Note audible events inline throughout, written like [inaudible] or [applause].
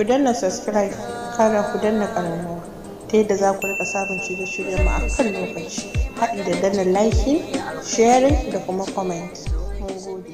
ku danna subscribe kara ku danna ƙaramuwa ta yadda za ku rika samun shirye shirya mu a kan lokaci haɗi da danna liking sharing da kuma comment mun gode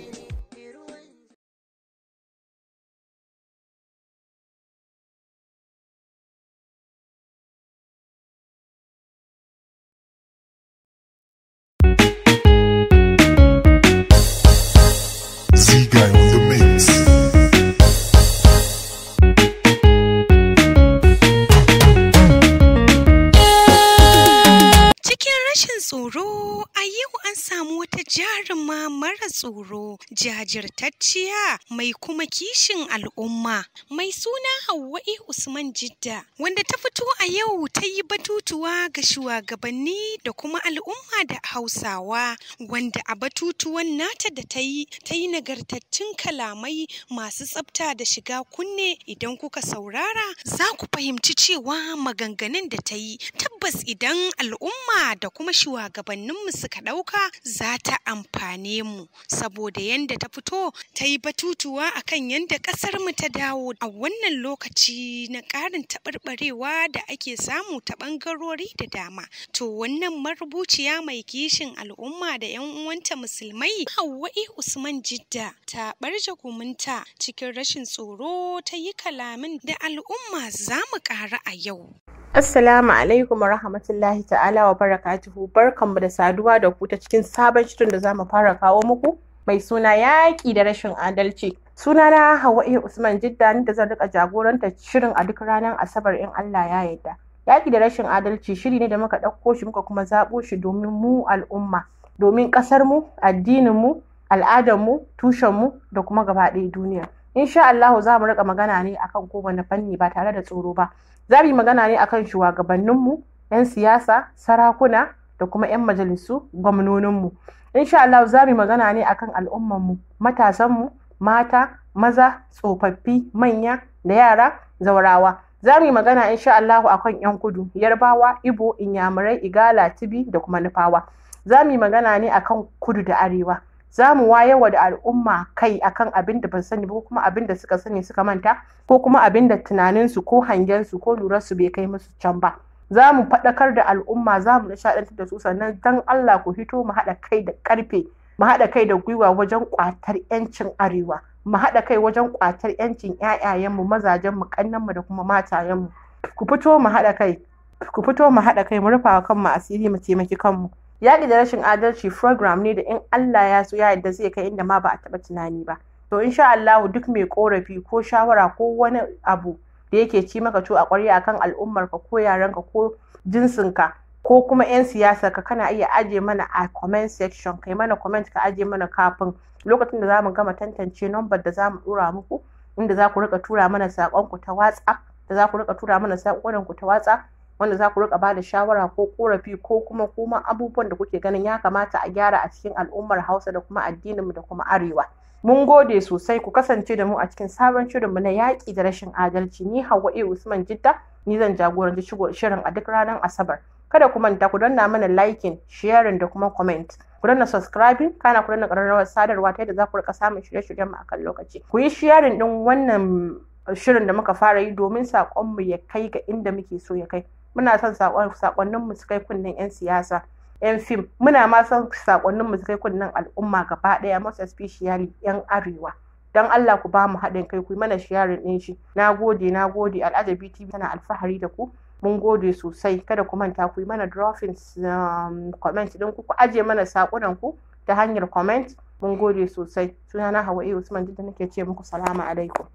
kuma mara tsoro jajirtacciya mai kuma kishin al'umma mai suna Hauwa'i e. Usman Jidda wanda ta fito a yau ta yi batutuwa ga shugabanni da kuma al'umma da Hausawa wanda a batutuwan nata da ta yi ta yi nagartattun kalamai masu tsafta da shiga kunne idan kuka saurara za ku fahimci cewa maganganun da ta yi tabbas idan al'umma da kuma shugabanninmu suka ɗauka za ta amfani gane mu saboda yanda ta fito ta yi batutuwa a kan yadda ƙasar mu ta dawo a wannan lokaci na ƙarin taɓarɓarewa da ake samu ta ɓangarori da dama to wannan marubuciya mai kishin al'umma da 'yan uwanta musulmai Hauwa'i Usman Jidda ta ɓarje gumunta cikin rashin tsoro ta yi kalamin da al'umma za mu ƙara a yau. Assalamu alaikum wa rahmatullahi ta'ala wa barakatuhu barkanmu da saduwa da ku ta cikin sabon shirin da zamu fara kawo muku mai suna yaƙi da rashin adalci. Suna Sunana Hawa'e Usman Jidda ni da zan rika jagoranta shirin a duk ranar Asabar in Allah ya yarda. Yaƙi da rashin adalci shiri ne da muka ɗauko shi muka kuma zaɓo shi domin mu al'umma, domin mu ƙasarmu, mu al'adarmu, mu da kuma gaba ɗaya duniya. Insha Allah za mu rika magana ne akan kowane fanni ba tare da tsoro ba. za mu yi magana ne akan shugabanninmu 'yan siyasa sarakuna da kuma 'yan majalisu gwamnoninmu insha Allah za mu yi magana ne akan al'umman al'ummanmu matasanmu mata maza tsofaffi manya da yara zaurawa za mu yi magana insha Allah akan 'yan kudu yarbawa ibo inyamurai igala tibi da kuma nufawa za mu yi magana ne akan kudu da arewa za mu wa da al'umma kai akan abin da ban sani ba kuma abin da suka sani suka manta ko kuma abin da tunaninsu ko hangen su ko lurarsu bai kai musu can ba za mu faɗakar da al'umma za mu nishaɗantar da su sannan dan Allah ku fito mu haɗa kai da ƙarfe mu haɗa kai da gwiwa wajen ƙwatar 'yancin arewa mu haɗa kai wajen ƙwatar 'yancin 'ya'yayenmu mazajenmu ƙannenmu da kuma matayenmu ku fito mu haɗa kai ku fito mu haɗa kai mu rufa kanmu asiri mu taimaki kanmu yaƙi da rashin adalci program ne da in Allah ya so ya yadda zai kai inda ma ba a taba tunani ba to insha Allahu duk mai korafi ko shawara ko wani abu da yake ci maka to a ƙwarya akan al'ummarka ko yarenka ko jinsinka ko kuma 'yan siyasa ka kana iya aje mana a comment section kai mana comment ka aje mana kafin lokacin da zamu gama tantance number da zamu dora muku inda za ku rika tura mana saƙonku ta WhatsApp da za ku rika tura mana saƙonku ta WhatsApp wanda za ku rika ba da shawara ko korafi ko kuma kuma abubuwan da kuke ganin ya kamata a gyara a cikin al'ummar hausa da kuma addininmu da kuma arewa mun gode sosai ku kasance da mu a cikin sabon shirinmu na yaƙi da rashin adalci ni hawa e usman jidda ni zan jagoranci shirin a duk ranar asabar kada ku manta ku danna mana liking sharing da kuma comment ku danna subscribing kana ku danna ƙararrawar sadarwa ta yadda za ku rika samun shirye-shiryen mu akan lokaci ku yi sharing din wannan shirin da muka fara yi domin saƙonmu ya kai ga inda muke so ya kai muna son sakonnin mu su kai kunnen yan siyasa yan fim muna ma son sakonnin mu su kai kunnen al'umma gaba daya most especially yan arewa don Allah ku ba mu haɗin kai ku yi mana sharing ɗin shi na gode na gode al'ajabi tv tana alfahari da ku mun gode sosai kada ku manta ku mana droppings um, comment ɗin ku ku aje mana sakunan ku ta hanyar comment mun gode sosai sunana hawa usman duk da nake ce muku salamu alaikum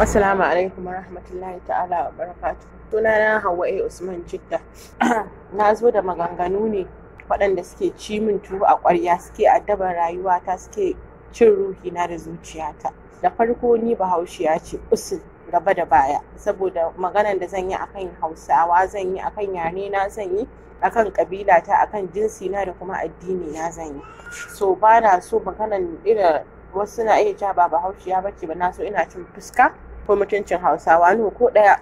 Assalamu alaikum warahmatullahi ta'ala wa barakatu. Sunana A. Usman Citta. [clears throat] Na zo da maganganu ne waɗanda suke ci min tuwo a ƙwarya suke addabar rayuwata suke cin ruhina da zuciyata. Da farko ni bahaushiya ce usul gaba da baya saboda maganan da zan yi akan hausawa zan yi akan yare na zan yi akan kabila ta akan jinsi na da kuma addini na zan yi so ba na so maganan irin wasu suna iya cewa ba ya bace ba na so ina cin fuska ko mutuncin hausawa nu ko ɗaya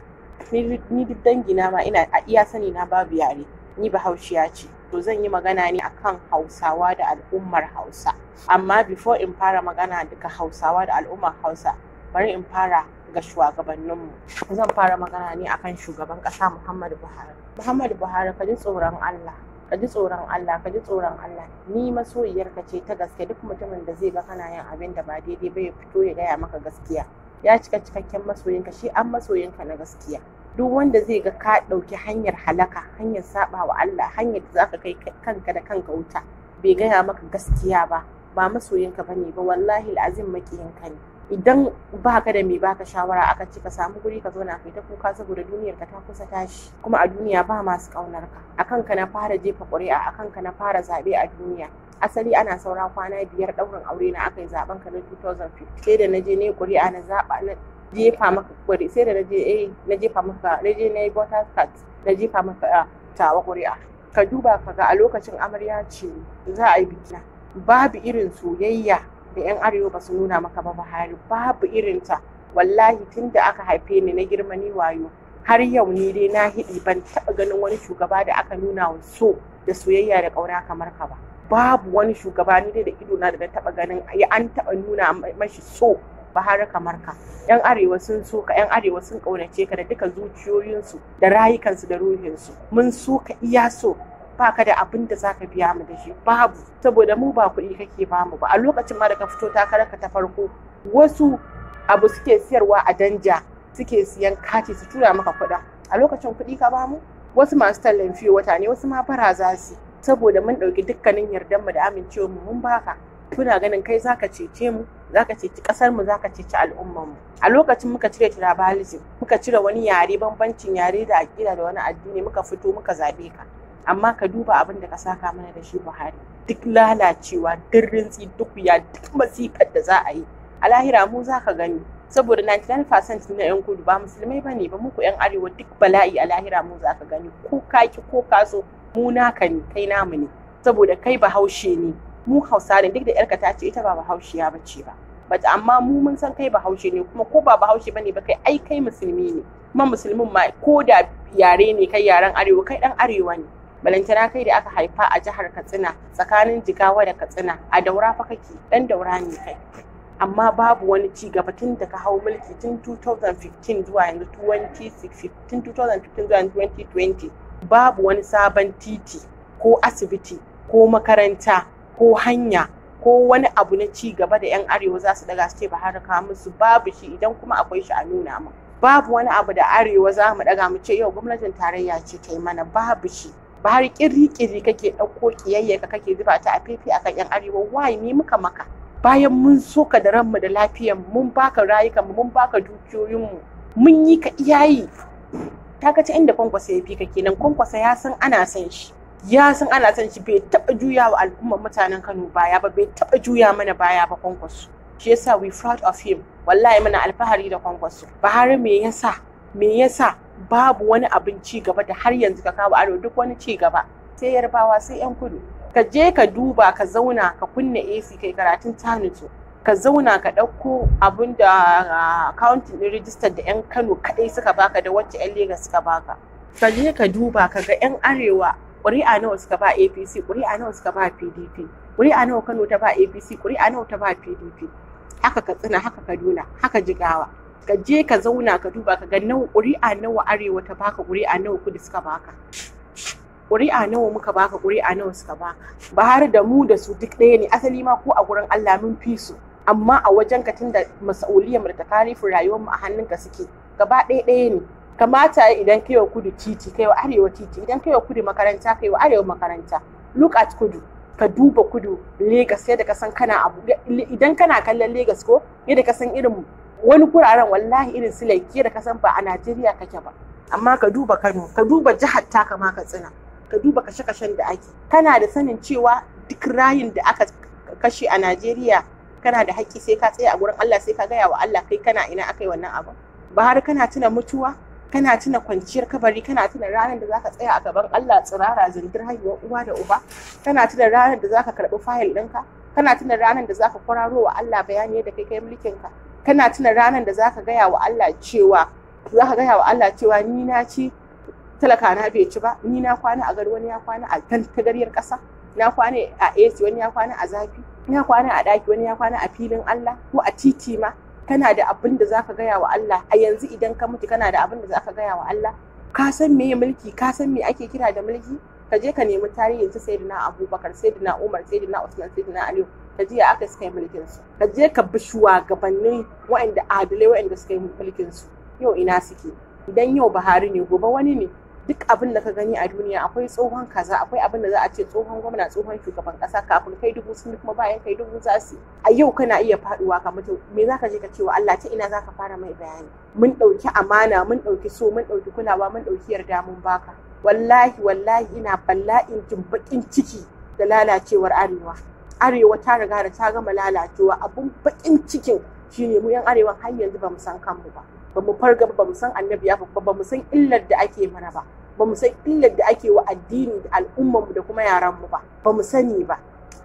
ni duk dangi na ma ina a iya sani na babu yare ni bahaushiya ce to zan yi magana ne akan hausawa da al'ummar hausa amma before in fara magana daga hausawa da al'ummar hausa bari in fara ga shugabanninmu zan fara magana ne akan shugaban ƙasa muhammadu buhari muhammadu buhari ka ji tsoron allah ka ji tsoron Allah ka ji tsoron Allah ni masoyiyarka ce ta gaske duk mutumin da zai ga kana yin abin da ba daidai ba ya fito ya gaya maka gaskiya ya cika cikakken masoyinka shi an masoyinka na gaskiya duk wanda zai ga ka ɗauki hanyar halaka hanyar saba wa Allah hanyar da zaka kai kanka da kanka wuta bai gaya maka gaskiya ba ba masoyinka bane ba wallahi al'azim ka ne idan ba ka da mai baka shawara aka ce ka samu guri ka zauna kai ta kuka saboda duniyar ka ta kusa tashi kuma a duniya ba masu kaunar ka akan ka na fara jefa ƙuri'a akan ka na fara zaɓe a duniya asali ana saura kwana biyar ɗaurin aure na aka yi zaben ka na 2015 sai da na je ne ƙuri'a na zaba na jefa maka ƙuri sai da na je eh na jefa maka na je na yi voter card na jefa maka ah, tawa ƙuri'a ka duba ka ga a lokacin amarya ce za a yi biki babu irin soyayya da 'yan arewa ba su nuna maka ba Buhari babu irin ta, wallahi tun da aka haife ni na girma ni wayo har yau ni dai na hidi ban taɓa ganin wani shugaba da aka nuna wa so da soyayya da ƙauna kamar ka ba babu wani shugaba ni dai da ido na da na taɓa ganin ya an taɓa nuna mashi so Buhari kamar ka yan arewa sun so ka yan arewa sun ƙaunace ka da duka zuciyoyinsu da rayukansu da ruhinsu mun so ka iya so baka da abin da zaka biya mu da shi babu saboda mu ba kuɗi kake ba mu ba a lokacin ma da ka fito takarar ka ta farko wasu abu suke siyarwa a danja suke siyan kati su tura maka kuɗin a lokacin kuɗi ka ba mu wasu masu tallafi wata ne wasu ma bara za su saboda mun ɗauki dukkanin yardan mu da amincewa mu mun baka muna ganin kai zaka cece mu zaka ceci kasar mu zaka ceci al'ummar mu a lokacin muka cire tribalism muka cire wani yare bambancin yare da aƙida da wani addini muka fito muka zabe ka amma ka duba abin da ka saka mana da shi buhari duk lalacewa duk rintsi duk ya duk masifar da za a yi a lahira mu za ka gani saboda 99% na 'yan kudu ba musulmai ba ne ba muku 'yan arewa duk bala'i a lahira mu za ka gani ko kaki ko kaso mu naka ne kai namu ne saboda kai bahaushe ne mu hausa ne duk da yarka ta ce ita ba bahaushiya ba ce ba bata amma mu mun san kai bahaushe ne kuma ko ba bahaushe bane ba kai ai kai musulmi ne kuma musulmin ma ko da yare ne kai yaren arewa kai dan arewa ne balantana kai da aka haifa a jihar katsina tsakanin jigawa da katsina a daura fa kake dan daura ne kai amma babu wani ci gaba tun da ka hau mulki tun 2015 zuwa yanzu 2015 zuwa 2020 babu wani sabon titi ko asibiti ko makaranta ko hanya ko wani abu na ci gaba da 'yan arewa za su daga su ce ba haraka musu babu shi idan kuma akwai shi a nuna mu babu wani abu da arewa za mu daga mu ce yau gwamnatin tarayya ce ta yi mana babu shi ba har kiri-kiri kake ɗauko kiyayya ka kake zuba ta a fifi a kan 'yan arewa Waye mi muka maka bayan mun so ka da ranmu da lafiyan mun baka rayukan mu mun baka mu, mun yi ka iyayi ta ka inda kwankwasa ya fi ka kenan kwankwasa ya san ana san shi ya san ana san shi bai taɓa juya wa al'ummar mutanen Kano baya ba bai taɓa juya mana baya ba kwankwaso shi yasa we proud of him wallahi muna alfahari da kwankwaso Buhari me yasa me yasa babu wani abin ci gaba da har yanzu ka kawo aro duk wani ci gaba sai yarbawa sai yan kudu ka je ka duba ka zauna ka kunna AC kai karatun tanito ka zauna ka ɗauko abin da ah, accounting ɗin register da 'yan Kano kaɗai suka baka da wacce 'yan Legas suka baka. Ka je ka duba ka ga 'yan Arewa ƙuri'a nawa suka ba APC, ƙuri'a nawa suka ba PDP, ƙuri'a nawa Kano ta ba APC, ƙuri'a nawa ta ba PDP. Haka Katsina, haka Kaduna, haka Jigawa. ka je ka zauna ka duba ka ga nawa ƙuri'a nawa arewa ta baka ƙuri'a nawa kudu suka baka ƙuri'a nawa muka baka ƙuri'a nawa suka baka bahar da mu da su duk ɗaya ne asali ma ko a gurin Allah mun fi su amma a wajen ka tunda mas'uliyar da ta rayuwar mu a hannunka suke gaba ɗaya ɗaya ne kamata idan kai wa kudu titi kai wa arewa titi idan kai wa kudu makaranta kai wa arewa makaranta look at kudu ka duba kudu Legas yadda ka san kana abu idan kana kallon Legas ko yadda ka san irin wani kuraren wallahi irin su laike da kasan ba a Najeriya kake ba amma ka duba Kano ka duba jihar taka ma Katsina ka duba kashe-kashen da ake kana da sanin cewa duk rayin da aka kashe a Najeriya kana da haƙƙi sai ka tsaya a gurin Allah sai ka gaya wa Allah kai kana ina akai wannan abu ba har kana tuna mutuwa kana tuna kwanciyar kabari kana tuna ranar da zaka tsaya a gaban Allah tsirara zindir haihuwar uwa da uba kana tuna ranar da zaka karɓi fayil ɗinka kana tuna ranar da zaka kwararo wa Allah bayani da kai kai mulkin ka kana tuna ranar da zaka gaya wa Allah cewa zaka gaya wa Allah cewa ni na ci talaka na bai ci ba ni na kwana a gari wani ya kwana a tagaryar ƙasa na kwana a AC wani ya kwana a zafi na kwana a ɗaki wani ya kwana a filin Allah ko a titi ma kana da abin da zaka gaya wa Allah a yanzu idan ka mutu kana da abin da zaka gaya wa Allah ka san meye mulki ka san me ake kira da mulki ka je ka nemi tarihin ta sayyidina Abubakar sayyidina Umar sayyidina Usman sayyidina Aliyu ka jiya aka suka yi mulkin su ka je ka bi shugabannin waɗanda adalai waɗanda suka yi mulkin su yau ina suke idan yau Buhari ne gobe wani ne duk abin da ka gani a duniya akwai tsohon kaza akwai abin da za a ce tsohon gwamna tsohon shugaban kasa kafin kai dubu sun kuma bayan kai dubu za su a yau kana iya faduwa ka mutum me zaka je ka ce wa Allah ta ina zaka fara mai bayani mun dauki amana mun dauki so mun dauki kulawa mun dauki yarda mun baka wallahi wallahi ina bala'in jin ciki da lalacewar arewa arewa ta riga da ta gama lalacewa abun bakin cikin shine mu yan arewa har yanzu ba mu san kanmu ba ba mu farga ba mu san annabi ya ba ba mu san illar da ake mana ba ba mu san illar da ake wa addini da al'ummar mu da kuma yaran mu ba ba mu sani ba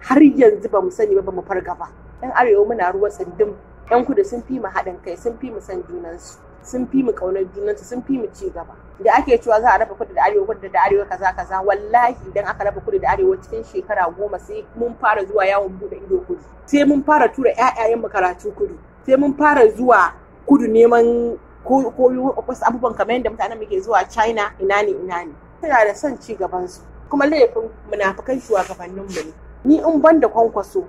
har yanzu ba mu sani ba ba mu farga ba yan arewa muna ruwa tsindin yan kudu sun fi mu haɗin kai sun fi mu san junansu sun fi mu kaunar junansu sun fi mu ci gaba da ake cewa za a raba kuɗi da arewa kudu da arewa kaza kaza wallahi idan aka raba kuɗi da arewa cikin shekara goma sai mun fara zuwa yawon bude ido kudu sai mun fara tura ƴaƴayen mu karatu kudu sai mun fara zuwa kudu neman ko wasu abubuwan kamar yadda mutanen muke zuwa china ina ne ina ne suna da son ci gabansu. kuma laifin munafukan shugabanninmu ne ni in ban da kwankwaso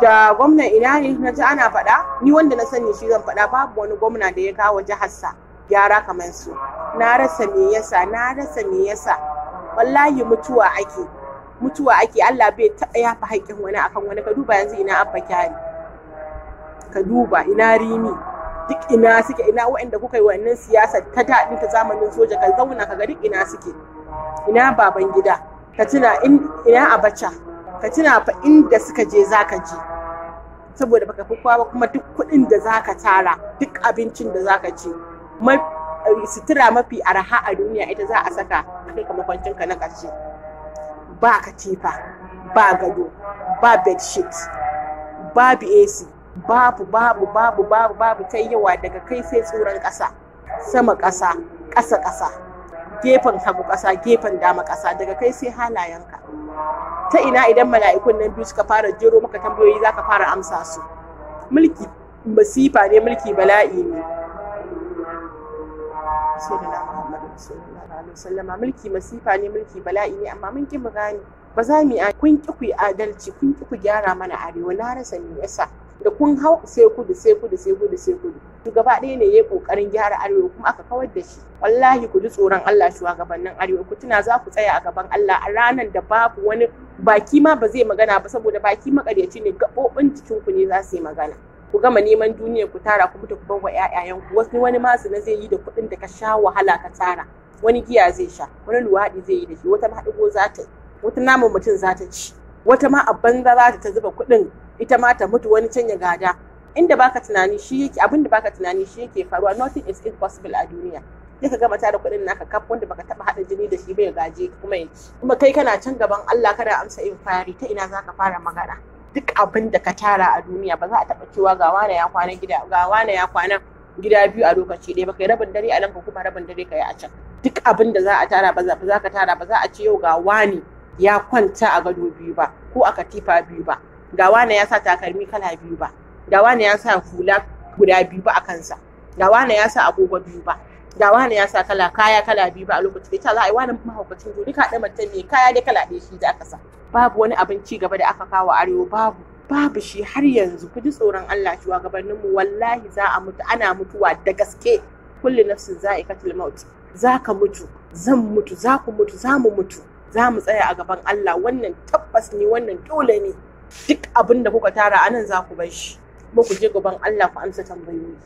da gwamnan ina ne na ji ana faɗa ni wanda na sani shi zan faɗa babu wani gwamna da ya kawo jiharsa gyara kamar su na rasa me yasa na rasa me yasa wallahi mutuwa ake mutuwa ake Allah bai taɓa ya yafa haƙƙin wani akan wani ka duba yanzu ina abba kyari ka duba ina rimi duk ina suke ina waɗanda kuka yi wannan siyasa ta daɗin ta zamanin soja ka zauna ka ga duk ina suke ina baban gida ka tuna ina abacha ka tuna fa inda suka je zaka je saboda baka fi kwa ba kuma duk kuɗin da za ka tara duk abincin da zaka ci eh, sutura mafi araha a duniya ita za a saka a kai kwancin ka na ƙarshe ba katifa ba gado ba bedsheet babu ac babu babu babu babu babu ta yawa daga kai sai tsoron ƙasa sama ƙasa ƙasa ƙasa gefen hagu ƙasa gefen dama ƙasa daga kai sai halayenka ta ina idan mala'ikun nan biyu suka fara jero maka tambayoyi za ka fara amsa su mulki masifa ne mulki bala'i ne mulki masifa ne mulki bala'i ne amma mun ki mu gane ba za mu yi kun ki ku yi adalci kun ki ku gyara mana arewa na rasa me yasa da kun hau sai kudu sai kudu sai kudu sai kudu gaba ɗaya ne ya kokarin gyara arewa kuma aka kawar da shi wallahi ku ji tsoron Allah shugabannin arewa ku tuna za ku tsaya a gaban Allah a ranar da babu wani baki ma ba zai magana ba saboda baki makaryaci ne cikin ku ne za su yi magana ku gama neman duniya ku tara ku mutu ku bar wa ƴaƴayenku wasu wani masu na zai yi da kuɗin da ka sha wahala ka tara wani giya zai sha wani luwaɗi zai yi da shi wata ma za ta yi wata naman mutum za ta ci wata ma a banza za ta zuba kuɗin ita ma ta mutu wani can ya gada inda baka tunani shi yake abin da baka tunani shi yake faruwa nothing is impossible a duniya sai ka gama tara kuɗin naka kaf wanda baka taba hada jini da shi ba ya gaje kuma kuma kai kana can gaban Allah kana amsa fari ta ina zaka fara magana duk abin ka tara a duniya ba za a taba cewa ga wane ya kwana gida ga wane ya kwana gida biyu a lokaci ɗaya ba kai rabin dare a nan ka kuma rabin dare ka yi a can duk abin za a tara ba za ka tara ba za a ce yau ga wani ya kwanta a gado biyu ba ko a katifa biyu ba ga wane ya sa takalmi kala biyu ba ga wane ya sa hula guda biyu ba a kansa ga wane ya sa agogo biyu ba ga wane ya sa kala kaya kala biyu ba a lokacin ita za a yi wani mahaukacin gobe. ka ɗan mutum mai kaya dai kala ɗaya shi da aka sa babu wani abin ci gaba da aka kawo arewa babu babu shi har yanzu ku ji tsoron Allah shi wa mu wallahi za a mutu ana mutuwa da gaske kulli nafsin za'iqatul mauti za ka mutu zan mutu za ku mutu za mu mutu za mu tsaya a gaban Allah wannan tabbas ne wannan dole ne duk abin da kuka tara anan za ku bar shi kuma ku je gaban Allah ku amsa tambayoyi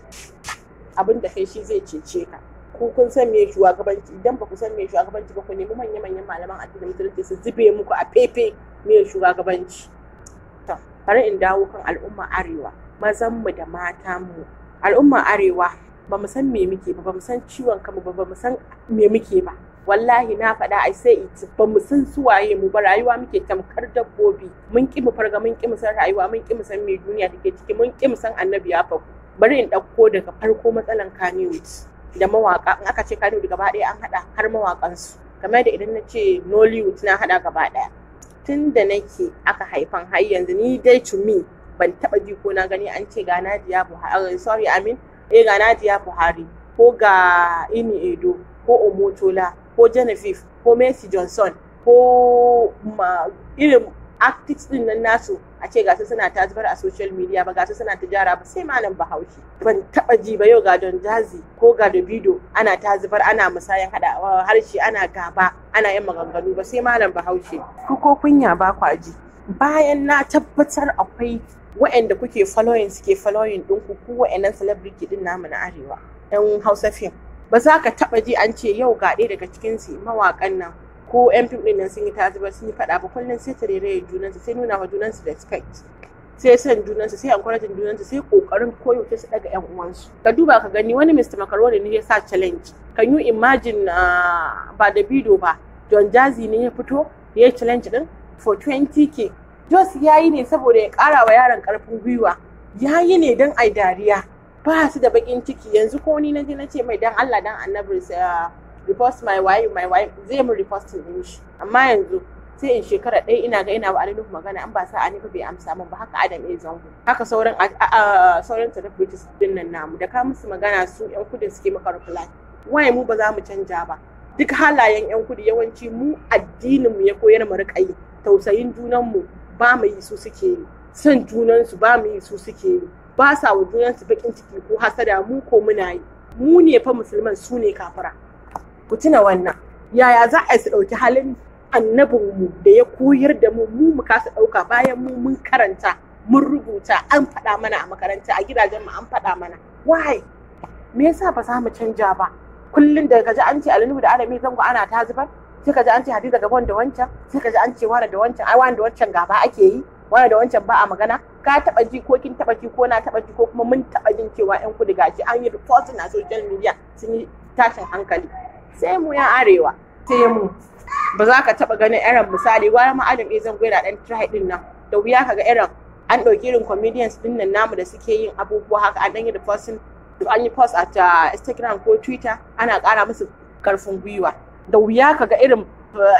abin da kai shi zai cece ka ku kun san me shugabanci idan ba ku san me shugabanci ba ku nemi manya manyan malaman addinin musulunci su zube muku a fefe me shugabanci to bari in dawo kan al'umma arewa mazan mu da mata mu al'umma arewa ba mu san me muke ba ba mu san ciwon kanmu ba ba mu san me muke ba wallahi na faɗa ai sai it ba mu san su waye mu ba rayuwa muke tamkar dabbobi mun ki mu farga mun ki mu san rayuwa mun ki mu san me duniya take ciki mun ki mu san annabi ya faku bari in ɗauko daga farko matsalan Kannywood da mawaka in aka ce Kannywood gaba ɗaya an haɗa har mawakan su kamar da idan na ce Nollywood na haɗa gaba ɗaya tun da nake aka haifan har yanzu ni dai to me ban taɓa ji ko na gani an ce ga Nadiya Buhari eh, sorry Amin eh ga Nadiya Buhari ko ga Ini Edo ko Omotola ko genevieve ko messi johnson ko ma irin actics din nan nasu a ce gasu suna ta zubar a social media ba gasu suna ta jara ba sai malam bahaushe ban taba ji ba yau ga don jazi ko ga dabido ana ta ana musayan hada uh, harshe ana gaba ana yin maganganu ba sai malam bahaushe ku ko kunya ba kwaji? bayan na tabbatar akwai wa'anda kuke following suke following ɗinku ku wa'annan celebrity din namu na arewa 'yan hausa fim ba za ka taba ji an ce yau ga ɗaya daga cikin su mawakan nan ko yan fim ɗin nan sun yi tazuba sun yi faɗa ba kullum sai ta junan su sai nuna wa junansu respect sai san su sai encouraging su sai kokarin koyo ta su daga yan uwansu ka duba ka gani wani Mr. Macaroni ne ya sa challenge can you imagine ah, ba da bido ba Don Jazi ne ya fito ya yi challenge din for 20k Jos ya yi ne saboda ya ƙara wa yaron ƙarfin gwiwa ya yi ne don ai dariya ba su da bakin ciki yanzu ko ni naje na ce mai dan Allah dan annabi uh, repost my wife my wife zai mu repost din shi amma yanzu sai in shekara ɗaya ina ga ina ba a magana an ba sa a nufin bai amsa min ba haka adam ya zango haka sauran sauran celebrities din nan namu da ka musu magana su yan kudin suke maka reply waye mu ba za mu canja ba duk halayen yan kudi yawanci mu addinin mu ya koyar mu riƙayi. tausayin junan mu ba mu yi su suke yi son junan ba mu yi su suke yi ba sa wa junansu bakin ciki ko hasada mu ko muna yi mu ne fa musulman su ne kafira ku tuna wannan yaya za a su ɗauki halin annabin mu da ya koyar da mu mu mu kasa ɗauka bayan mu mun karanta mun rubuta an faɗa mana a makaranta a gidajen mu an faɗa mana why me yasa ba za mu canja ba kullum da kaji an ce alinubu da alami zango ana ta zubar sai kaji an ce hadiza gaban da wancan sai kaji an ce wara da wancan ai wani da wancan gaba ake yi wani da wancan ba a magana ka taba ji ko kin taba ji ko na taba ji ko kuma mun taba jin cewa yan kudu gashi an yi reporting a social media sun yi tashin hankali sai mu ya arewa sai mu ba za ka taba ganin irin misali wani ma adam zan gwera dan try din nan da wuya kaga irin an dauki irin comedians din nan namu da suke yin abubuwa haka an ɗan yi reporting an yi post a uh, instagram ko twitter ana ƙara musu karfin gwiwa da wuya kaga irin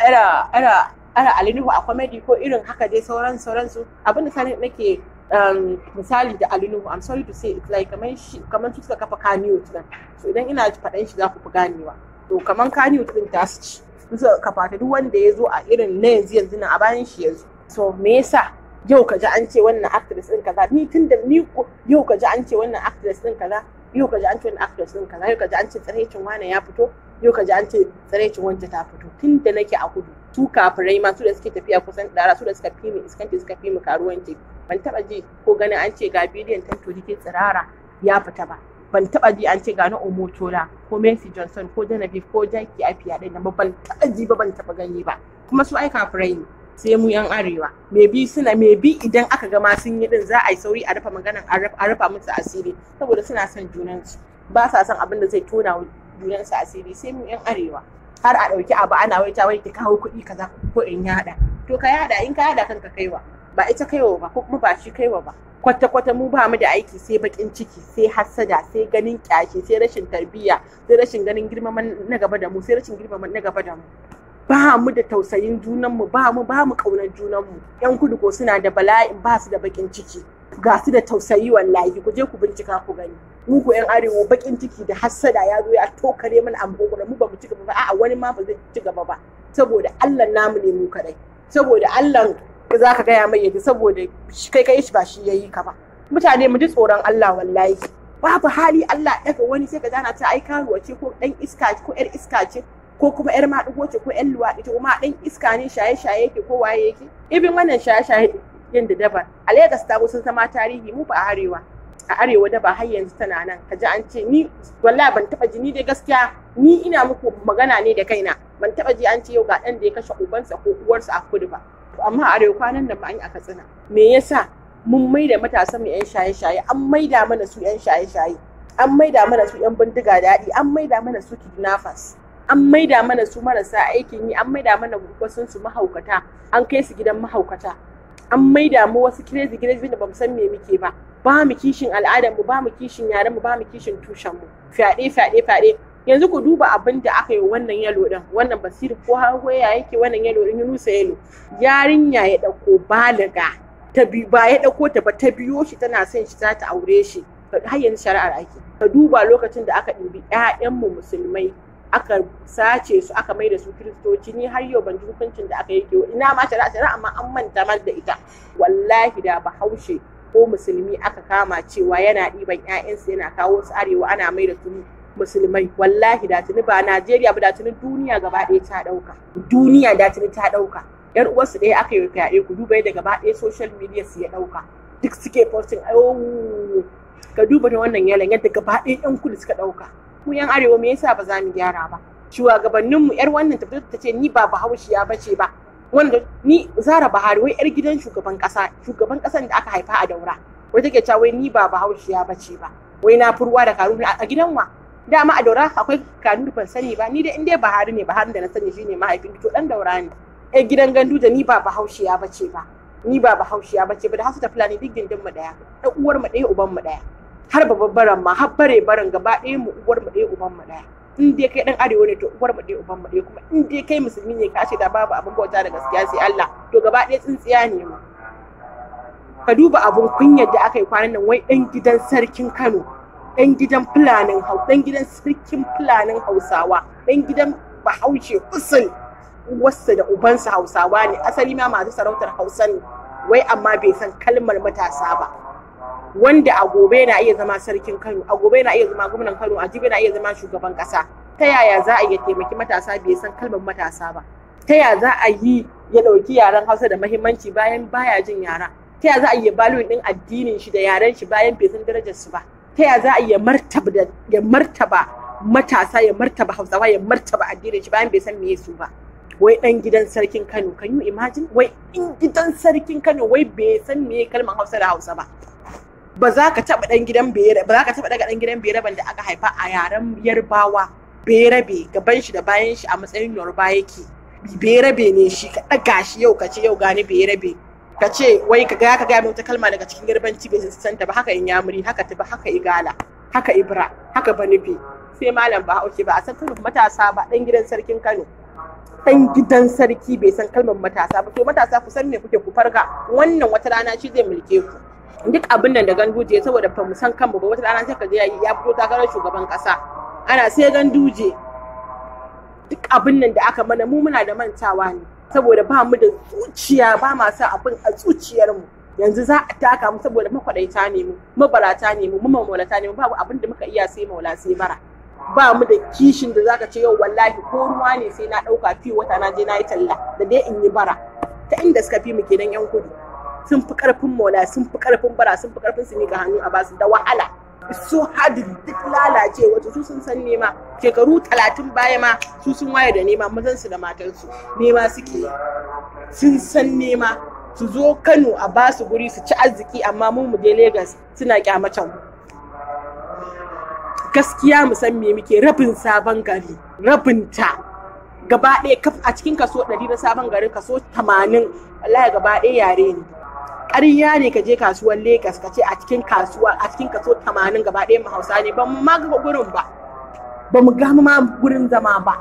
irin uh, ara alinuhu a comedy ko irin haka dai sauran sauransu abin da sani nake um, misali da alinuhu i'm sorry to say it's like kaman shi kamar su suka kafa kaniyo din so idan ina faɗan shi za ku fi ganewa to kaman kaniyo din ta su ci suka kafa ta duk wanda ya zo a irin na yanzu yanzu na a bayan shi yanzu so me yasa yau ka ji an ce wannan actress din kaza ni tun da ni yau ka ji an ce wannan actress din kaza yau ka ji an ce wannan actress din kaza yau ka ji an ce tsiraicin wane ya fito yau ka ji an ce tsiraicin wanda ta fito tun da nake a kudu su kafirai ma su da suke tafiya kusan dara su da suka fi mu iskanci suka fi mu karuwanci ban taba ji ko ganin an ce ga bidiyon tanto ke tsirara ya fita ba ban taba ji an ce ga na omotola ko Messi Johnson ko janabi ko jaki Apia din ba ban taba ji ba ban taba gani ba kuma su ai kafirai ne sai mu yan arewa me bi suna me idan aka ga ma sun yi din za a yi sauri a rufa maganan a rufa musu asiri saboda suna son junansu ba sa son abin da zai tona junansu asiri sai mu yan arewa har a ɗauki abu ana waita wai ki kawo kuɗi kaza ko in yaɗa to ka yada, in ka yada kanka kaiwa ba ita kaiwa ba ko kuma ba shi kaiwa ba kwata kwata mu ba mu da aiki sai bakin ciki sai hassada sai ganin kyashi sai rashin tarbiyya sai rashin ganin girmaman na gaba da mu sai rashin girmaman na gaba da mu ba mu da tausayin junanmu ba mu ba mu ƙaunar mu. yan kudu ko suna da bala'in ba su da bakin ciki ga su da tausayi wallahi ku je ku bincika ku gani Mugu yan arewa bakin ciki da hassada ya zo ya tokare mana amfogura mu ba mu ci gaba ba a'a wani ma ba zai ci gaba ba saboda Allah namu ne mu kadai saboda Allah za ka gaya mai yadda saboda kai kai shi ba shi yayi ka ba mutane mu ji tsoron Allah wallahi babu hali Allah daga wani sai ka gana ta ai karuwa ce ko dan iska ko yar iska ce ko kuma yar maɗigo ce ko yar luwaɗi ce kuma dan iska ne shaye-shaye yake ko waye yake ibin wannan shaye-shaye yin da dabar a Legas ta sun zama tarihi mu ba a arewa a arewa da ba har yanzu tana nan ka ji an ce ni wallahi ban taba ji ni dai gaskiya ni ina muku magana ne da kaina ban taba ji an ce yau ga dan da ya kashe ubansa ko uwarsa a kudu ba amma a arewa kwanan nan ba an yi a katsina me yasa mun maida matasan mu yan shaye-shaye an maida mana su yan shaye-shaye an maida mana su yan bindiga daɗi an maida mana su kidnappers an maida mana su marasa aikin yi an maida mana gurgursun su mahaukata an kai su gidan mahaukata an maida mu wasu crazy crazy da bamu san me muke ba ba mu kishin al'adar mu ba mu kishin yaren mu ba mu kishin tushen mu fyaɗe fyaɗe fyaɗe yanzu ku duba abin da aka yi wannan yalo din wannan basiru ko ya yake wannan yalo ya nusa yalo yarinya ya ɗauko balaga ta bi ba ya ɗauko ta ba ta biyo shi tana son shi za ta aure shi har yanzu shari'ar ake ka duba lokacin da aka ɗibi mu musulmai aka sace su aka mai da su kiristoci ni har yau ban ji hukuncin da aka yi ke. ina ma shari'a shari'a amma an manta da ita wallahi da bahaushe ko musulmi aka kama cewa yana ɗiban 'ya'yansu yana kawo su arewa ana mai da tuni musulmai wallahi da tuni ba Najeriya ba da tuni duniya gaba ɗaya ta ɗauka duniya da tuni ta ɗauka yar uwarsu ɗaya aka yi fyaɗe ku duba yadda gaba ɗaya social media su ya ɗauka duk suke posting ayo ka duba da wannan yalan yadda gaba ɗaya yan kudu suka ɗauka mu yan arewa me yasa ba za mu gyara ba shugabanninmu yar wannan tafi ta ce ni ba bahaushiya bace ba wanda ni Zara Bahari wai yar gidan shugaban kasa shugaban kasan da aka haifa a Daura wai take cewa wai ni ba Bahaushiya bace ba wai na furwa da Karuni a gidan wa dama a Daura akwai Karuni ban sani ba ni da in dai Bahari ne Bahari da na sani shine mahaifin to dan Daura ne yar gidan gandu da ni ba Bahaushiya bace ba ni ba Bahaushiya bace ba da hasu ta fulani duk gindin mu daya dan uwar mu daya uban mu daya har babbaran ma har bare baran gaba daya mu uwar mu daya uban mu ɗaya in dai kai dan arewa ne to uwar mu dai uban mu dai kuma in dai kai musulmi ne ka ce da babu abin bauta da gaskiya sai Allah to gaba ɗaya tsintsiya ne mu ka duba abun kunyar da aka yi kwanan nan wai dan gidan sarkin Kano dan gidan fulanin hau dan gidan sarkin fulanin Hausawa dan gidan Bahaushe usul wasu da ubansa Hausawa ne asali ma masu sarautar Hausa ne wai amma bai san kalmar matasa ba wanda a gobe na iya zama sarkin Kano a gobe na iya zama gwamnan Kano a jibi na iya zama shugaban kasa ta yaya za a iya taimaki matasa bai san kalmar matasa ba ta yaya za a yi ya dauki yaren Hausa da mahimmanci bayan baya jin yara ta yaya za a iya baluwin ɗin addinin shi da yaran shi bayan bai san darajar su ba ta yaya za a iya martaba ya martaba matasa ya martaba Hausawa ya martaba addinin shi bayan bai san me su ba wai ɗan gidan sarkin Kano can you imagine wai in gidan sarkin Kano wai bai san me kalmar Hausa da Hausa ba ba za ka taba ɗan gidan bere ba za ka taba daga dan gidan bere da aka haifa a yaren yarbawa berabe. gaban shi da bayan shi a matsayin yorba yake Berabe ne shi ka ɗaga shi yau ka ce yau gani berabe. ka ce wai ka ga ka gaya wata kalma daga cikin yarbanci bai san ta ba haka in yamuri haka ta ba haka igala haka ibra haka banife sai malam ba hauke ba a san kalmar matasa ba ɗan gidan sarkin kano dan gidan sarki bai san kalmar matasa ba to matasa ku san kuke ku farga wannan wata rana shi zai mulke ku duk abin nan da ganduje saboda ba mu san kanmu ba wata rana sai ka je ya fito takarar shugaban kasa ana sai ganduje duk abin nan da aka mana mu muna da mantawa ne saboda ba mu da zuciya ba ma sa abin a zuciyar mu yanzu za a taka mu saboda makwadaita ne mu mabarata ne mu mamaulata ne mu babu abin da muka iya sai maula sai bara ba mu da kishin da zaka ce yau wallahi ko ruwa ne sai na dauka fi wata na je na yi talla da dai in yi bara ta inda suka fi mu kenan yan kudu sun fi karfin mola sun fi karfin bara sun fi karfin su ga hannu a basu da wahala su hadu duk lalace wata su sun san nema shekaru talatin baya ma su sun waye da nema mazansu da matansu nema suke sun san nema su zo kano a basu guri su ci arziki amma mu mu je lagos suna kyamatan mu gaskiya mu san me muke rabin sabon gari rabin ta gaba ɗaya a cikin kaso 100 na sabon garin kaso 80 wallahi gaba ɗaya yare ne ƙarya ne ka je kasuwar Legas ka ce a cikin kasuwa a cikin kaso 80 gaba ɗaya mu Hausa ne ba mu ma ga gurin ba ba mu ga ma gurin zama ba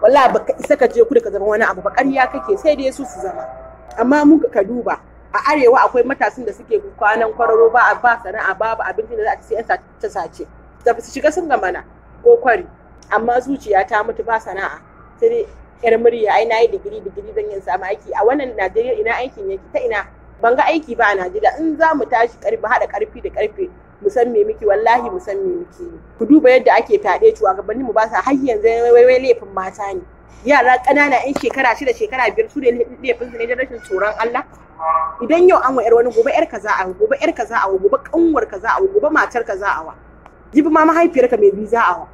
wallahi ka isa ka je kudu ka zama wani abu ba ƙarya kake sai dai su su zama amma mun ka duba a arewa akwai matasan da suke kwanan kwararo ba ba sana'a ba abinci da za a ci sai sace sace da su shiga sun na ko kwari amma zuciya ta mutu ba sana'a sai dai yar murya ai na yi digiri digiri zan yin samu aiki a wannan Najeriya ina aikin yake ta ina ban ga aiki ba a Najeriya in za mu tashi karfi haɗa karfi da karfe mu san me miki wallahi mu san me miki ku duba yadda ake fyaɗe cewa gabanin mu ba sa har yanzu wai laifin mata ne yara ƙanana yan shekara shida shekara biyar su ne laifin su ne da rashin tsoron Allah idan yau an wa yar wani gobe yar ka za a gobe yar ka za a gobe kanwar ka za a gobe matar ka za a wa jibi ma mahaifiyar ka mai bi za a wa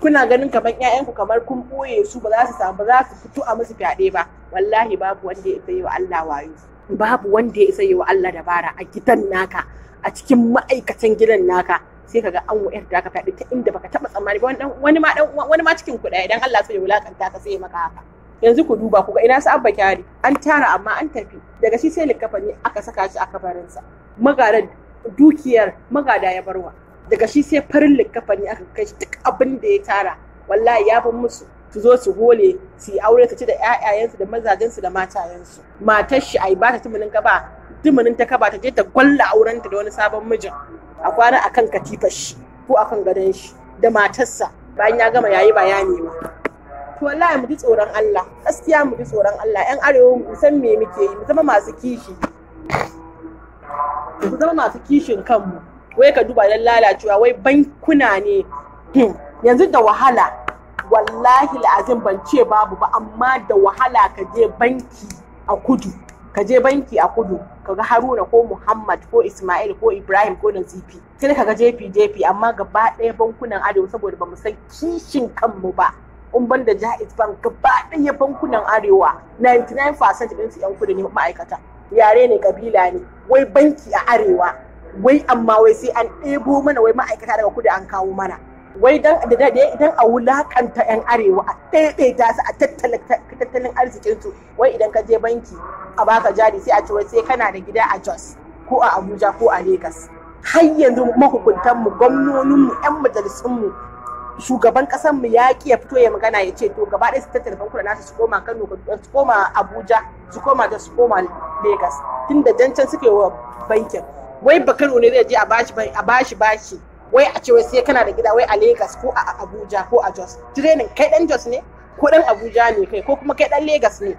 kuna ganin kamar ƴaƴanku kamar kun ɓoye su ba za su samu ba za su fito a musu fyaɗe ba wallahi babu wanda ya isa yi wa Allah wayo babu wanda ya isa yi wa Allah dabara a gidan naka a cikin ma'aikatan gidan naka sai kaga an wa'yar da ka fyaɗe ta inda baka taɓa tsammani ba wani ma wani ma cikin kuɗa idan Allah sai ya wulakanta ka sai ya maka haka yanzu ku duba ku ga ina su abba kyari an tara amma an tafi daga shi sai likkafa ne aka saka shi a kabarinsa magaran dukiyar magada ya barwa daga shi sai farin likafa ne aka kai shi duk abin da ya tara wallahi ya fi musu su zo su hole su yi aure su ci da ƴaƴayensu da mazajensu da matayensu matar shi ai ba ta tumunin ba tumunin ta kaba ta je ta gwalla aurenta da wani sabon mijin a kwana akan katifar shi ko akan gadon shi da matarsa bayan ya gama yayi bayani ma to wallahi mu ji tsoron Allah gaskiya mu ji tsoron Allah ƴan arewa mu san me muke yi mu zama masu kishi mu zama masu kishin kanmu wai ka duba don lalacewa wai bankuna ne hmm, yanzu da wahala wallahi la'azin ban ce babu ba amma da wahala ka je banki a kudu ka je banki a kudu ka ga haruna ko muhammad ko ismail ko ibrahim ko nazifi sai ka ga jefi jefi amma gaba ɗaya bankunan arewa saboda ba mu san kishin kanmu ba in ban da jaiz bank gaba ɗaya bankunan arewa 99% ɗinsu 'yan kudu ne ma'aikata yare ne kabila ne wai banki a arewa wai amma wai sai an ɗebo mana wai ma'aikata daga kudu an kawo mana wai dan idan a wulakanta yan arewa a ta su a tattalin arzikin su wai idan ka je banki a baka jari sai a ce wai sai kana da gida a Jos ko a Abuja ko a Lagos har yanzu mahukuntan mu gwamnonin mu yan majalisun mu shugaban kasan mu ya ki ya fito ya magana ya ce to gaba ɗaya su tattara bankuna nasu su koma Kano su koma Abuja su koma da su koma Lagos tunda dancan suke wa bankin wai Kano ne zai je a bashi a bashi bashi wai a ce wai sai kana da gida wai a Lagos ko a Abuja ko a Jos training kai dan Jos ne ko dan Abuja ne kai ko kuma kai dan Lagos ne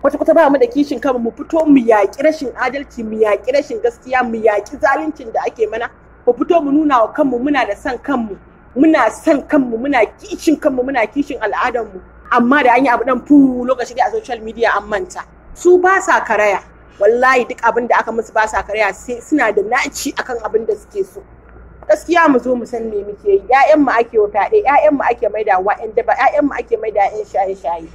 kwata-kwata ba mu da kishin kanmu mu fito mu yaƙi rashin adalci mu yaƙi rashin gaskiya mu yaƙi zaluncin da ake mana Ku fito mu nuna wa kanmu muna da son kanmu muna san kanmu muna kishin kanmu muna kishin mu. amma da an yi abu dan fu lokaci da a social media an manta su ba sa karaya wallahi duk abin da aka musu ba sa karya suna da naci akan abin da suke so gaskiya mu zo mu san me muke yi ƴaƴan mu ake wuta ɗaya ƴaƴan mu ake maida wa ƴan daba ƴaƴan mu ake maida ƴan shaye shaye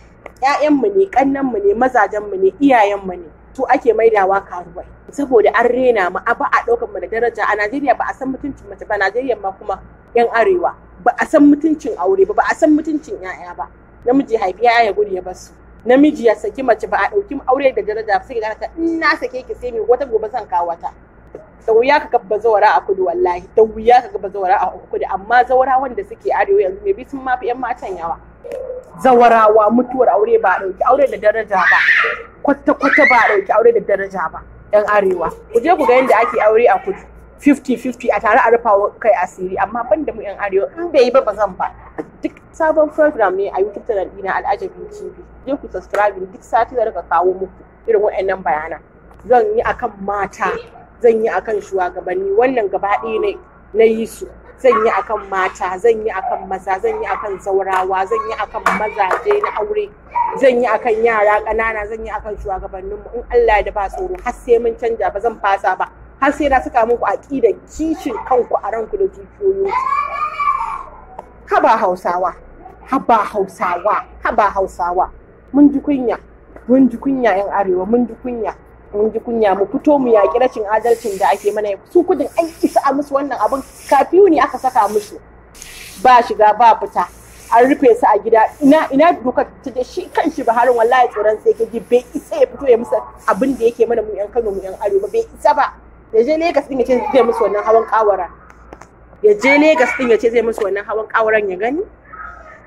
ƴaƴan mu ne kannan mu ne mazajen mu ne iyayen mu ne to ake maidawa karuwai saboda an rena mu a ba a ɗaukar mu da daraja a Najeriya ba a san mutuncin mace ba Najeriya ma kuma yan arewa ba a san mutuncin aure ba ba a san mutuncin ƴaƴa ba namiji haifi yaya ya gudu ya bar su namiji ya saki mace ba a ɗauki aure da daraja sai ga ta in na sake ki sai me wata gobe zan kawo wata da wuya ka gaba zawara a kudu wallahi da wuya ka gaba zawara a kudu amma zawara wanda suke arewa yanzu mai bi sun mafi yan matan yawa zawarawa mutuwar aure ba a ɗauki aure da daraja ba kwata kwata ba a ɗauki aure da daraja ba yan arewa ku je ku ga yadda ake aure a kudu 50-50 a tare a rufa kai asiri amma ban da mu yan arewa in bai yi ba ba zan ba duk sabon program ne a youtube channel ɗina al'ajabi tv je ku subscribe duk sati da rika kawo muku irin wa'annan bayana. zan yi akan mata zan yi akan shugabanni wannan gaba ɗaya ne na yi su zan yi akan mata zan yi akan maza zan yi akan zaurawa zan yi akan mazaje na aure zan yi akan yara ƙanana zan yi akan shugabannin mu in Allah da ba tsoro har sai mun canja ba zan fasa ba har sai na saka muku aqida kishin kanku a ranku da zuciyoyin haba hausawa haba hausawa haba hausawa mun ji kunya mun ji kunya yan arewa mun ji kunya mun ji kunya mu fito mu yaƙi rashin adalcin da ake mana su kudin an isa a musu wannan abin kafiyu ne aka saka musu ba shiga ba fita an rufe su a gida ina ina dokar ta da shi kan shi ba harin wallahi tsoron sai gaji bai isa ya fito ya musa abin da yake mana mu yan Kano mu yan Arewa bai isa ba ya je Lagos din ya ce zai musu wannan hawan kawara ya je Lagos din ya ce zai musu wannan hawan kawaran ya gani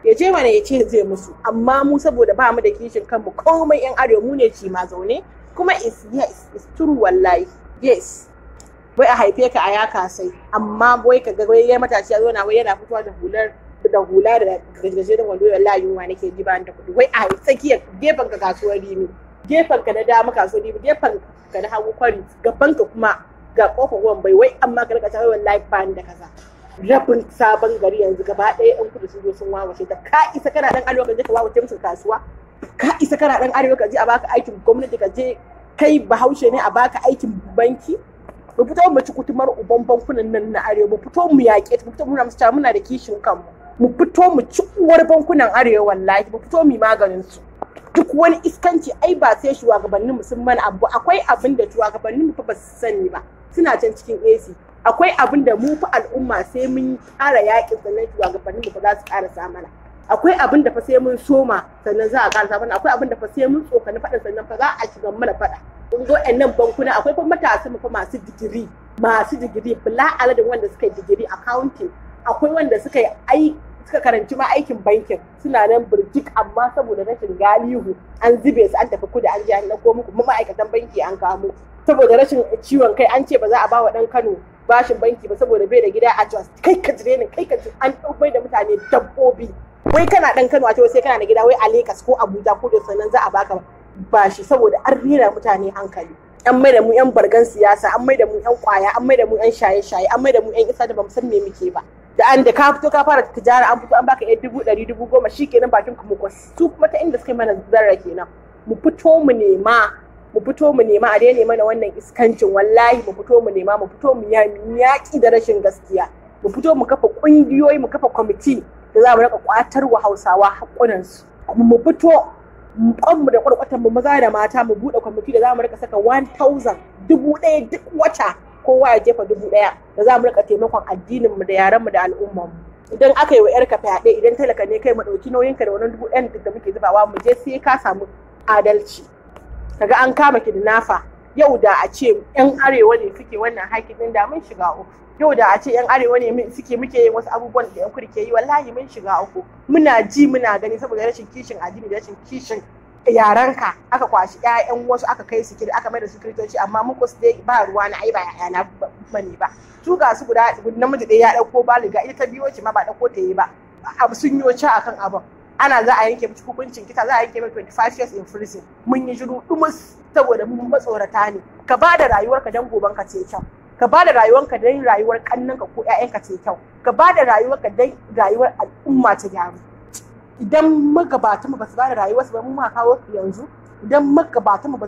ya je mana ya ce zai musu amma mu saboda ba mu da kishin kanmu komai yan arewa mu ne ci ma zaune kuma is yes is true wallahi yes wai a haife ka a yaka sai amma wai ka ga wai ya matashi ya zauna wai yana fitowa da hular da hula da gajgaje da wando wallahi yunwa nake ji ba da kuɗi wai a tsakiyar gefen ka kasuwar rimi gefen ka na dama kasuwar rimi gefen ka na hagu kwari gaban ka kuma ga kofar wambai wai amma ka rika ta wai wallahi ba da kaza rabin sabon gari yanzu gaba ɗaya yan kudu sun zo sun wawace ta ka isa kana dan arewa kaje ka wawace musu kasuwa ka isa kana dan arewa ka a baka aikin gwamnati ka kai bahaushe ne a baka aikin banki mu fito mu ci kutumar uban bankunan nan na arewa mu fito mu yaƙe mu fito muna musu muna da kishin kanmu mu fito mu ci uwar bankunan arewa wallahi mu fito mu maganin su duk wani iskanci ai ba sai shugabannin mu sun mana abu akwai abin da shugabannin mu fa ba su sani ba suna can cikin AC akwai abin da mu fa al'umma sai mun ƙara yaƙin sannan shugabannin mu fa za su ƙara samana akwai abin da fa sai mun soma sannan za a ƙara samana akwai abin da fa sai mun tsokani faɗa sannan fa za a shiga mana faɗa kun zo nan bankuna akwai fa matasa mu fa masu digiri masu digiri bala aladin wanda suka yi digiri accounting akwai wanda suka yi suka karanci ma aikin bankin suna nan birjik amma saboda rashin galihu an zube su an tafi kudi an ji an ko muku ma'aikatan banki an kamo saboda rashin ciwon kai an ce ba za a ba wa ɗan Kano bashin banki ba saboda bai da gida a Jos kai ka jire ni kai ka jire an bai da mutane dabbobi wai kana dan Kano a ce sai kana da gida wai a ko Abuja ko da sanan za a baka bashi saboda an rera mutane hankali an mai da mu yan bargan siyasa an mai da mu yan kwaya an mai da mu yan shaye shaye an mai da mu yan isa da bamu san me muke ba da an da ka fito ka fara tijara an fito an baka yan dubu ɗari dubu goma shikenan bakin ku mu kwas su kuma ta inda suka mana zarra kenan mu fito mu nema mu fito mu nema a daina mana wannan iskancin wallahi mu fito mu nema mu fito mu yaƙi da rashin gaskiya mu fito mu kafa ƙungiyoyi mu kafa kwamiti da za mu rika ƙwatar wa hausawa haƙunansu kuma mu fito mu da ƙwarƙwatan mu maza da mata mu buɗe kwamiti da za mu rika saka 1000 dubu ɗaya duk wata kowa ya jefa dubu ɗaya da za mu rika taimakon addinin mu da yarenmu mu da al'ummar mu idan aka yi wa yarka fyaɗe idan talaka ne kai mu ɗauki nauyinka da wannan dubu ɗayan da muke zubawa mu je sai ka samu adalci kaga an kama kidnapper yau da a ce yan arewa ne suke wannan hakikin da mun shiga uku yau da a ce yan arewa ne suke muke yin wasu abubuwan da yan kudu ke yi wallahi mun shiga uku muna ji muna gani saboda rashin kishin addini rashin kishin yaranka aka kwashi ƴaƴan wasu aka kai su kiri aka mai da su kiristoci amma muku su dai ba ruwa na ai ba ƴaƴana bane ba su ga su guda namiji ɗaya ya ɗauko baliga ita ta biyo ce ma ba ɗauko ta yi ba abu sun yi akan abin ana za a yanke mace hukuncin kita za a yanke mata 25 years in prison mun yi shiru dumus saboda mun matsorata ne ka ba da rayuwarka don goban ka ce kyau ka ba da rayuwarka don rayuwar ka ko ƴaƴanka ce kyau ka ba da rayuwarka don rayuwar al'umma ta gyaru idan magabata mu ba su ba da su ba mun ma kawo su yanzu idan magabata mu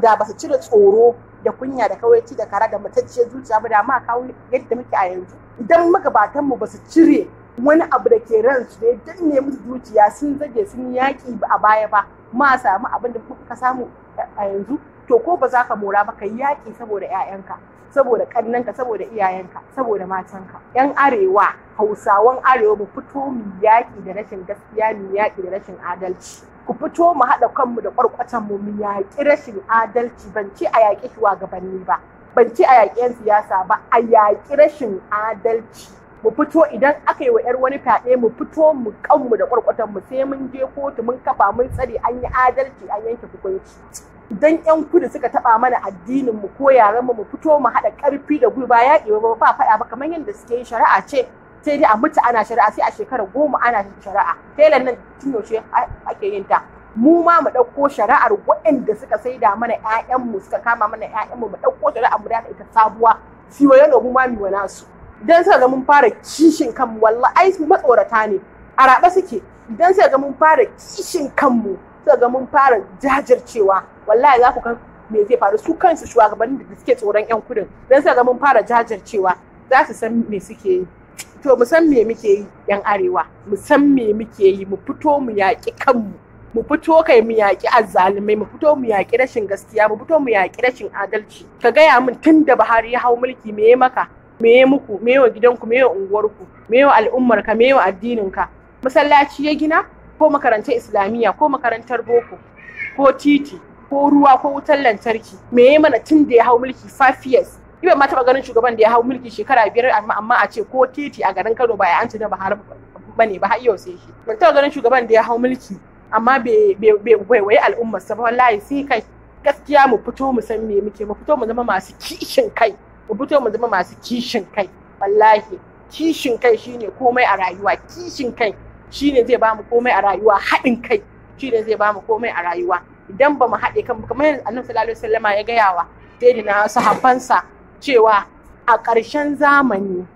da ba su cire tsoro da kunya da kawaici da kara da matacciyar zuciya ba da ma kawo yadda muke a yanzu idan magabatan mu ba su cire wani abu da ke ransu ne ya ne musu zuciya sun zage sun yaƙi a baya ba ma samu abin da ka samu a yanzu to ko ba za ka mora ba ka yaƙi saboda 'ya'yanka saboda ƙannanka saboda iyayenka saboda matanka yan arewa hausawan arewa mu fito mu yaƙi da rashin gaskiya mu yaƙi da rashin adalci ku fito mu haɗa kanmu da ƙwarƙwatan mu mu yaƙi rashin adalci ban ce a yaƙi shugabanni ba ban ce a yaƙi 'yan siyasa ba a yaƙi rashin adalci mu fito idan aka yi wa 'yar wani fyaɗe mu fito mu kanmu da kwarkwatan mu sai mun je kotu mun kafa mun tsare an yi adalci an yanke hukunci idan 'yan kudu suka taɓa mana addinin mu ko yaran mu mu fito mu haɗa ƙarfi da gwiwa yaƙi ba ba faɗa ba kamar yadda suke yi shari'a ce sai dai a mutu ana shari'a sai a shekara goma ana shari'a telan nan tun yaushe ake yin ta mu ma mu ɗauko shari'ar waɗanda suka saida mana ƴaƴanmu, suka kama mana 'ya'yanmu mu ɗauko shari'ar mu da ita sabuwa siwa yalo mu ma mi wa nasu dan sai ga mun fara kishin kanmu wallahi ai matsorata ne a raɓa suke dan sai ga mun fara kishin kanmu sai ga mun fara jajircewa wallahi za ku kan me zai faru su kansu shugabannin da suke tsoron yan kudin dan sai ga mun fara jajircewa za su san me suke yi to mu san me muke yi yan arewa mu san me muke yi mu fito mu yaƙi kanmu mu fito kai mu yaƙi azzalumai mu fito mu yaƙi rashin gaskiya mu fito mu yaƙi rashin adalci ka gaya min tun da Buhari ya hau mulki me ya maka me muku me wa gidanku me wa unguwarku me wa al'ummarka me wa addininka masallaci ya gina ko makarantar islamiyya ko makarantar boko ko titi ko ruwa ko wutar lantarki me ya mana tun da ya hau mulki 5 years ibe ma taba ganin shugaban da ya hau mulki shekara biyar amma a ce ko titi a garin Kano ba ya anci da ba bane ba har yau sai shi ban taba ganin shugaban da ya hau mulki amma bai waiwaye al'ummar sa wallahi sai kai gaskiya mu fito mu san me muke mu fito mu zama masu kishin kai mu fito mu zama masu kishin kai wallahi kishin kai shine komai a rayuwa kishin kai shine zai bamu komai a rayuwa haɗin kai shine zai bamu komai a rayuwa idan ba mu haɗe kan kamar yadda annabi sallallahu alaihi wasallama ya gaya wa sayyidina sahabbansa cewa a ƙarshen zamani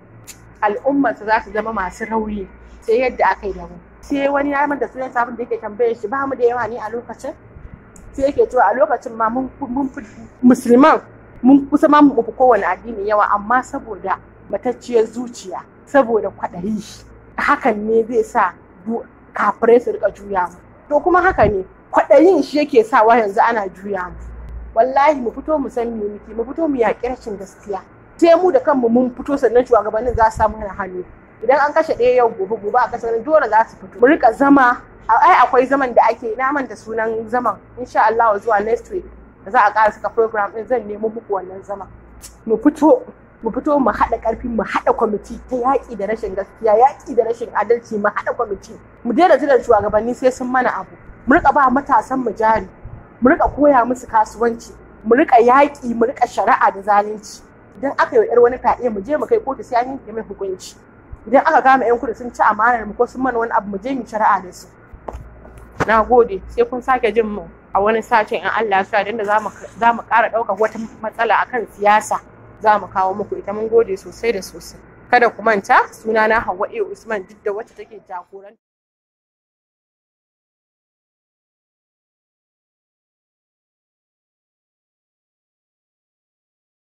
al'ummarsa za su zama masu rauni sai yadda aka yi da mu sai wani ya manta sunan sabon da yake tambaye shi ba mu da yawa ne a lokacin sai yake cewa a lokacin ma mun musulman mun kusa ma mu kowane addini yawa amma saboda matacciyar zuciya saboda kwaɗayi hakan ne zai sa kafirai su rika juya mu to kuma haka ne kwaɗayin shi yake sawa yanzu ana juya mu wallahi mu fito mu san me muke mu fito mu yaƙi rashin gaskiya sai mu da kanmu mun fito sannan shugabannin za su samu mana hannu idan an kashe ɗaya yau gobe gobe a kasar dole za su fito mu rika zama ai akwai zaman da ake na manta sunan zaman insha Allah zuwa next week da za a ƙara saka program ɗin zan nemo muku wannan zama mu fito mu fito mu haɗa ƙarfi mu haɗa kwamiti ta yaƙi da rashin gaskiya yaƙi da rashin adalci mu haɗa kwamiti mu daina jiran shugabanni sai sun mana abu mu riƙa ba matasan mu jari mu riƙa koya musu kasuwanci mu riƙa yaƙi mu riƙa shari'a da zalunci idan aka yi wani fyaɗe mu je mu kai kotu sai an yanke mai hukunci idan aka kama yan kudu sun ci amanar mu ko sun mana wani abu mu je mu shari'a da su na gode sai kun sake jin mu a wani satin in Allah ya da da za mu ƙara ɗaukar wata matsala akan siyasa za mu kawo muku ita mun gode sosai da sosai kada ku manta sunana Hauwa Usman duk da wacce take jagoranta